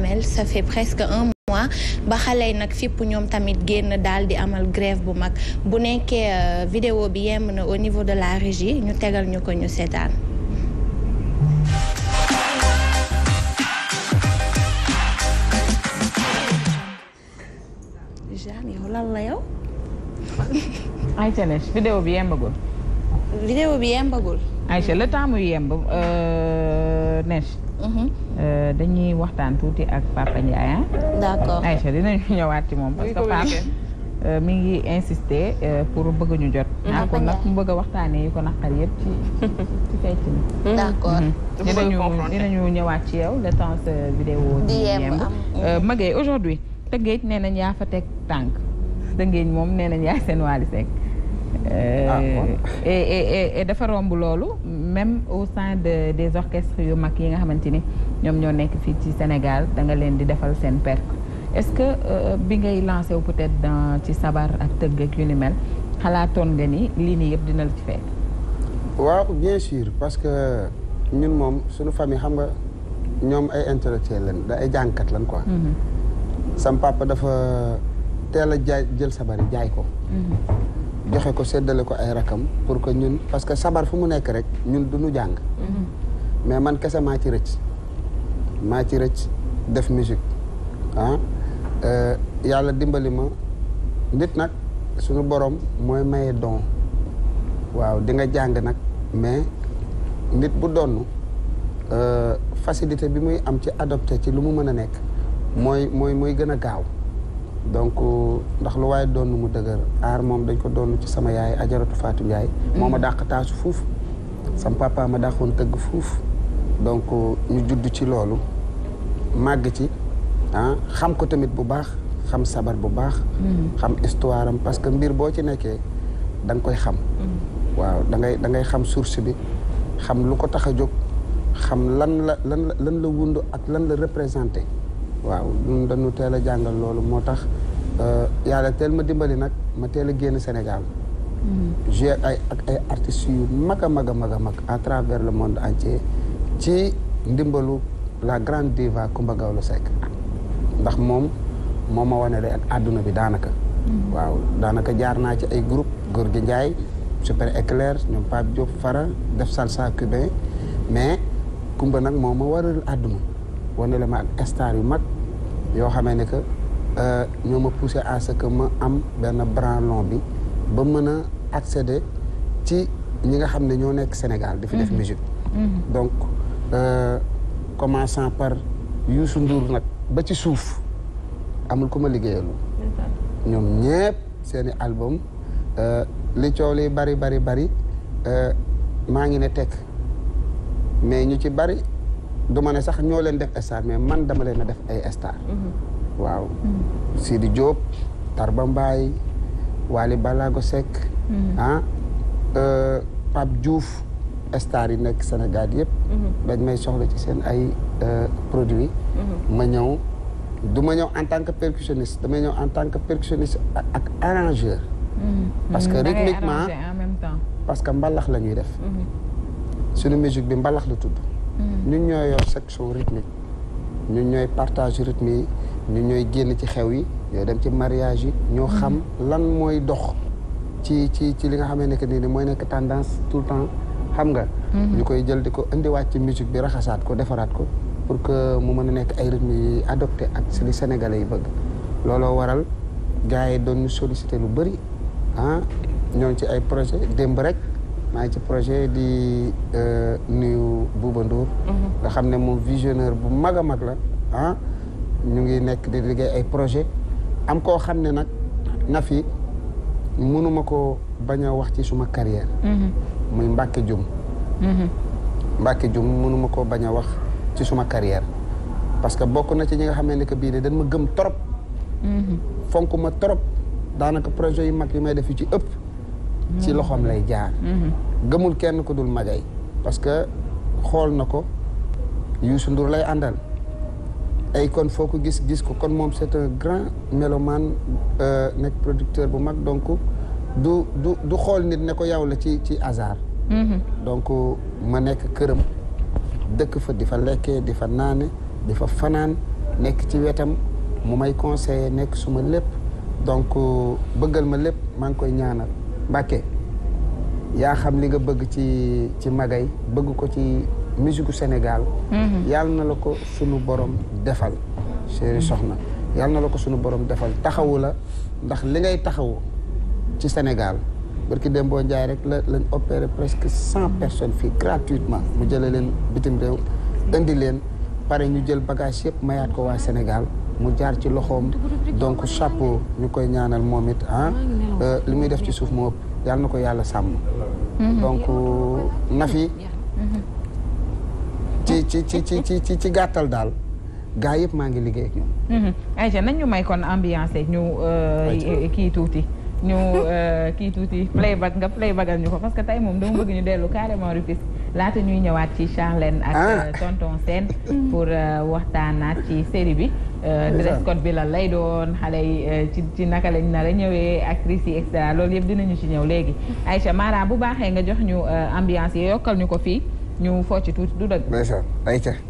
Mamel ça fait presque un mois ba xale yi nag fipp ñoom tamit génn daal di amal grève bu mag bu nekkee euh, vidéo bi yemb na au niveau de la régie ñu tegal ñu ko ñu seetaan. Jeanne yow lan la vidéo bi yembagul. Aïcha le temps muy yemb euh, Neige. Mhm. Euh, dañuy waxtaan tuuti ak Papa Ndiaye ah. d'accord Aïcha dinañu ñëwaat ci moom. parce que Papa euh, mi ngi insister pour bëgg ñu jot. naa mhm. ah, ko nag mu bëgg waxtaanee yu ko naqar yëpp ci ci fecc mi. Mhm. d'accord dinañu dinañu ñëwaat ci yow le temps sa vidéo di yemb Maguette aujourd'hui Tëngéej nee nañ yaa fa teg tànk Tëngéej moom nee nañ yaa seen waali sekk Ah, euh, et dafa romb loolu même au sein de des orchestres yu mag yi nga xamante ni ñoom ñoo nekk fii ci Sénégal danga leen di defal seen perk est-ce que euh, bi ngay lancé wu peut-être dans ci sabar ak tëgg ak yu ni mel xalaatoon nga ni lii nii yëpp dina la ci fekk. waaw bien sûr parce que ñun moom suñu famille xam nga ñoom ay intellectuels lañ da ay jàngkat lañ quoi. Mm-hmm. sam dafa. teel a jaay jël sabar jaay ko mm-hmm. joxe ko séddale ko ay rakam pour que ñun parce que sabar fu mu nekk rek ñun du ñu jàng mm-hmm. mais man kese maa ci rëcc maa ci rëcc def musique ah euh, yàlla dimbali ma nit nag sunu borom mooy maye donc waaw dinga jàng nag mais nit bu donn euh, facilité bi muy am ci adopté ci lu mu mën a nekk mooy mooy mooy gën a gaaw donc ndax lu waaye doon mu dëgër aar moom dañ ko doon ci sama yaay ajaratu Fatou yaay mm-hmm. moom ma dàq taasu fuuf. sam papa ma dàqoon tëgg fuuf. donc ñu judd ci loolu màgg ci ah xam ko tamit bu baax xam sabar bu baax. Mm-hmm. xam histoire parce que mbir boo ci nekkee da koy xam. Mm-hmm. waaw da ngay da ngay xam source bi xam lu ko tax a jóg xam lan la lan la lan la wund ak lan la représenté. waaw ñun dañu teel a jàngal loolu moo tax euh, yàlla teel ma dimbali nag ma teel a génn Sénégal. Mm-hmm. joué ay ak yu mag a mag a mag a à travers le monde entier ci ndimbalu la grande diva Coumba Gawlo Seck ndax moom moo ma wane ak àdduna bi daanaka. Mm-hmm. waaw daanaka jaar naa ci ay groupe Gorgui Ndiaye Super Éclair ñoom Pape Diop Fara def salsa cubain mais Coumba nag moo ma waral àdduna. wane la ma ak star yu mag yoo xamee ne que euh, ñoo ma poussé à ce que ma am benn branlon bi ba mën a accéder ci ñi nga xam ne ñoo nekk Sénégal. di fi def mhm. musique. Mhm. donc euh, commençant par Youssou Ndour nag ba ci suuf amul ku ma liggéeyalu ñoom ñëpp seeni album euh, li coow li bari bari bari maa ngi ne tekk mais ñu ci bari. du ma ne sax ñoo leen def star mais man dama leen def ay star mm-hmm. waaw mm-hmm. Sidi Diop Tarba Mbaye Wally Balago Seck mm-hmm. ah euh, Pape Diouf star yi nekk Sénégal yëpp dañ may soxla ci seen ay euh, produits ma ñëw du ma ñëw en tant que percussionniste damay ñëw en tant que percussionniste ak arrangeur parce que rythmiquement parce que mbalax la ñuy def suñu musique bi mbalax la tudd ñu ñooy yor section rythmique ñu ñooy partage rythme yi ñun ñooy génn ci xew yi ñooy dem ci mariage yi ñoo mm-hmm. xam lan mooy dox ci ci ci li nga xamee nekk nii nii mooy nekk tendance tout le temps xam nga mm-hmm. ñu koy jël di ko indiwaat ci musique bi raxasaat ko defaraat ko pour que mu mën a nekk ay rythme yi adopté ak si li sénégalais yi bëgg looloo waral gars yi doon ñu sollicité lu bëri ah ñoo ci ay projet démb rek maa ci projet di euh, nuyu Bouba Ndour mhm. nga xam ne moom visionnaire bu mag a mag la ah ñu ngi nekk di liggéey ay projet am koo xam ne nag na fi mënuma ko bañ a wax ci suma carrière mhm. muy Mbacke Dioum munuma mhm. koo mënuma bañ a wax ci suma carrière parce que bokk na ci ñi nga xam ne que bii de dañ ma gëm trop fonk ma trop daanaka projet yu mag yi may def yu ci ëpp ci mm-hmm. loxoom lay jaar mm-hmm. gëmul kenn ko dul magay parce que xool na ko Youssou Ndour lay àndal ay kon foo ko gis gis ko kon moom c'est un grand mélomane euh, nekk producteur bu mag donc du du xool nit ne ko yow la ci ci hasard mm-hmm. donc ma nekk këram dëkk fa di fa lekkee di fa naane di fa fanaan nekk ci wetam mu may conseiller nekk suma lépp donc bëggal ma lépp maa ngi koy ñaanal Mbàkke yaa xam li nga bëgg ci ci magay bëgg ko ci musique Sénégal mhm. yàlla na la ko sunu borom defal chéri mhm. soxna yàlla na la ko sunu borom defal taxawu la ndax li ngay taxawu ci Sénégal barki dem boo njaay rek la lañ opéré presque cent mhm. personnes fii gratuitement mu jële leen bitim réew indi leen pare ñu jël bagage yëpp mayaat ko waa Sénégal mu jaar ci loxoom donc chapeau ñu koy ñaanal moom it ah euh, li muy def ci suuf mu ëpp na ko yàlla sàmm mhm. donc euh, Nafi mhm. ci ci ci ci ci ci gàttal daal gaa yëpp maa ngi liggéey ak ñoom. Mhm. ayca nañ ñu may kon ambiance ñu euh, kii tuuti. ñu euh, kii tuuti playback nga bagal ñu ko parce que tey moom dama bëgg ñu dellu carrément Rufisque laata ñuy ñëwaat ci Charlène ak ah. euh, tonton Sène pour euh, waxtaanaat ci série bi dress code bi la lay doon xale yi ci ci naka lañ nar a ñëwee actrice yi et cetera loolu yëpp dinañu ci ñëw léegi Aïcha Mara bu baaxee nga jox ñu ambiance yokkal ñu ko fii ñu focc tuuti du dëgg